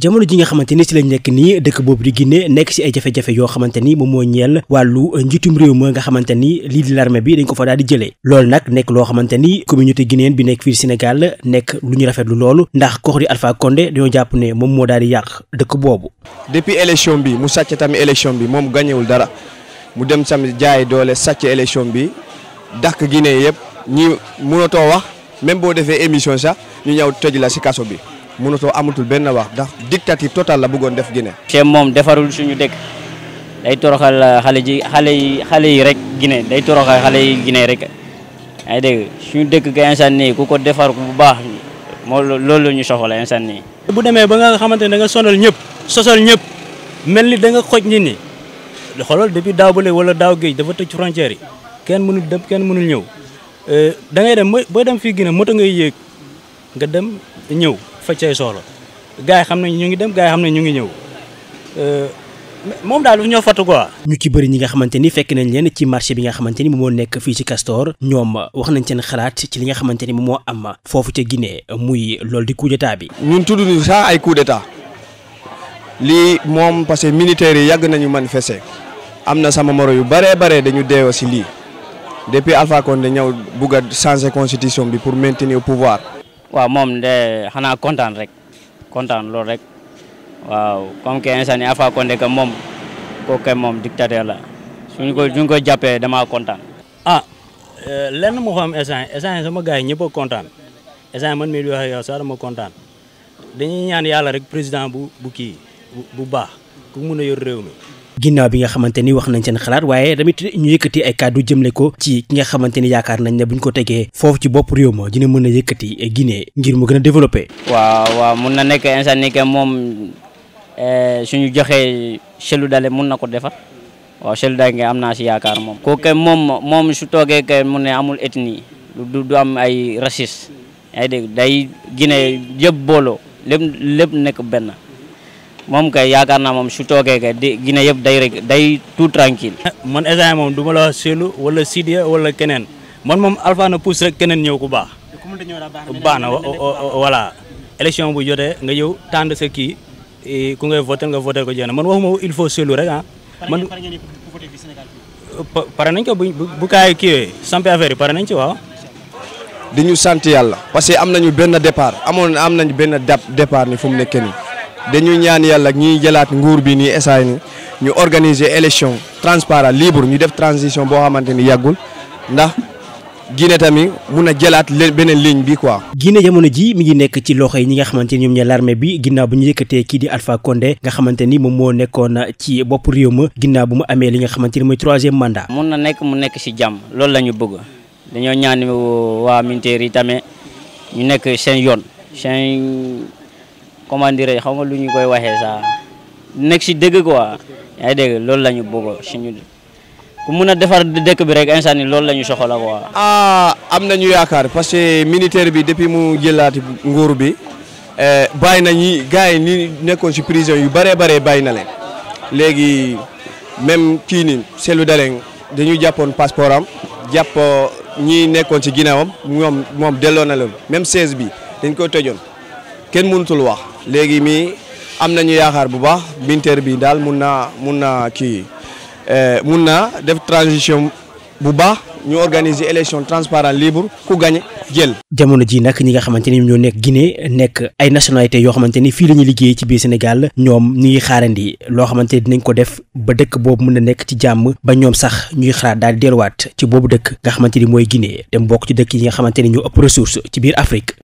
jamono ji nga xamante ni si lañ nekk nii dëkk boobu di Guinée nekk si ay jafe-jafe yoo xamante ni moom moo ñeel wàllu njiitum réew ma nga xamante ni lii di l'armée bi dañ ko fa daal di jëlee loolu nag nekk loo xamante ni communauté guinéenne bi nekk fii Sénégal nekk lu ñu rafetlu loolu ndax koox di Alpha Condé dañoo jàpp ne moom moo daal di yàq dëkk boobu depuis élection bi mu sàcc tamit élection bi moom gañewul dara mu dem tamit jaay doole sàcc élection bi dàq Guinée yëpp ñi mënatoo wax même boo defee émission sax ñu ñëw toj la si kaso bi mënatoo amatul benn wax ndax dictature totale la bëggoon def Guinée. te moom defarul suñu dëkk day toroxal xale ji xale yi xale yi rek Guinée day toroxal xale yi Guinée rek yaa ngi dégg suñu dëkk ga instant nii ku ko defar bu baax moo loolu la ñu soxla instant nii. bu demee ba nga xamante ne da nga sonal ñëpp sosal ñëpp mel ni da nga xoj nit ñi xoolal depuis daaw ba léegi wala daaw géej dafa tëj frontière yi kenn mënul dem kenn mënul ñëw euh, danga dem booy dem fii Guinée moto ngay yéeg. nga dem ñëw faj say soxla gars yi xam nañ ñu ngi dem gaay yi xam nañ ñu ngi ñëw euh, moom daal ñoo fatu quoi. ñu ci bëri ñi nga xamante ni fekk nañ leen ci marché bi nga xamante ni moom moo nekk fii ci Castor ñoom wax nañ seen xalaat ci li nga xamante ni moom moo am foofu ca Guinée muy loolu di coup bi. ñun tudd ñu ay coup d'état lii moom parce que militaires yi yàgg nañu manifester am na sama moro yu baree baree dañu deewa si lii depuis Alpha Condé ñëw bugg a changer bi pour maintenir au pouvoir. waaw moom de xanaa kontaan rek kontaan loolu rek waaw comme que instant yii Alpha Condé moom kooku moom dictateur la suñ ko jàppee damaa kontaan. ah euh, lenn mu xam instant instant sama gars yi ñëpp kontaan instant man mii di wax yow sax ma kontaan dañuy ñaan yàlla rek président bu bu kii bu baax ku mun a yor réew mi. ginnaaw bi nga xamante ni wax nañ seen xalaat waaye tamit ñu yëkkati ay kàddu jëmle ko ci ki nga xamante ni yaakaar nañ ne bu ñu ko tegee foofu ci bopp réew ma dina mën a yëkkati Guinée ngir mu gën a développé. waaw waaw mun na nekk instant ni que moom eh, suñu joxee Cellou Dalein mun na ko defar waaw Cellou Dalein am naa si yaakaar moom. ko moom moom su toogee que mu ne amul ethnie du du am ay raciste yaa ngi day Guinée yëpp booloo lépp lépp nekk benn. moom kay yaakaar naa moom su toogee kay di Guinée yëpp day rek day tout tranquille man éssan moom du ma la wax Cellou wala Sidia wala keneen man moom Alpha na pousse rek keneen ñëw ku baax baax na voilà élection bu jotee nga ñëw tànn sa kii eh, ku ngay voté nga voté ko jeex na man waxuma il faut Cellou rek ah man pare nañ ko bu bu kaay kiiwee samp yi pare nañ ci waaw di ñu sant yàlla parce que am nañu benn départ amoon am nañ benn dap départ ni fu mu nekkee nii dañuy ñaan yàlla ñuy jëlaat nguur bi nii esaay ni ñu organiser élection transparent libre ñu def transition boo xamante ni yàggul ndax Guinée tamit mun a jëlaat beneen ligne bi quoi. Guinée jamono ji mi ngi nekk ci loxo yi ñi nga xamante ni ñoom ñooy l'armée bi ginnaaw bu ñu yëkkatee kii di Alpha Condé nga xamante ni moom moo nekkoon ci bopp réew ma ginnaaw bu mu amee li nga xamante ni mooy troisième mandat. mun na nekk mu nekk si jàmm loolu la ñu bëgg dañoo ñaan waa militaire yi tamit ñu nekk seen yoon comment dire xaw ma lu ñu koy waxee sax nekk si dëgg quoi yaa ngi dégg loolu lañu ñu bëgg si ñu ku mun a defar dëkk bi rek instant ni loolu la ñu soxla quoi. ah am nañu yaakaar parce que militaire bi depuis mu jëlaati nguur bi eh, bàyyi nañu gars yi ni nekkoon si prison yu bëree bëree bàyyi na leen léegi même kii ni Cellou Dalein dañu jàppoon passeport am jàpp ñi nekkoon si ginnaawam moom moom delloo na leen même bi dañ ko tojoon. kenn mënutul wax léegi mii am nañu yaakaar bu baax binteer bi daal mun naa mun naa kii eh, mun naa def transition bu baax ñu organiser élection transparent libre ku gañe jël. jamono ji nag ñi nga xamante ni ñoo nekk Guinée nekk ay nationalité yoo xamante ni fii la ñuy liggéey ci biir Sénégal ñoom ñu ngi xaarandi loo xamante ni dinañ ko def ba dëkk boobu mën na nekk ci jàmm ba ñoom sax ñuy xalaat daal di delluwaat ci boobu dëkk nga xamante ni mooy Guinée dem bokk ci dëkk yi nga xamante ni ñoo ëpp ressource ci biir Afrique.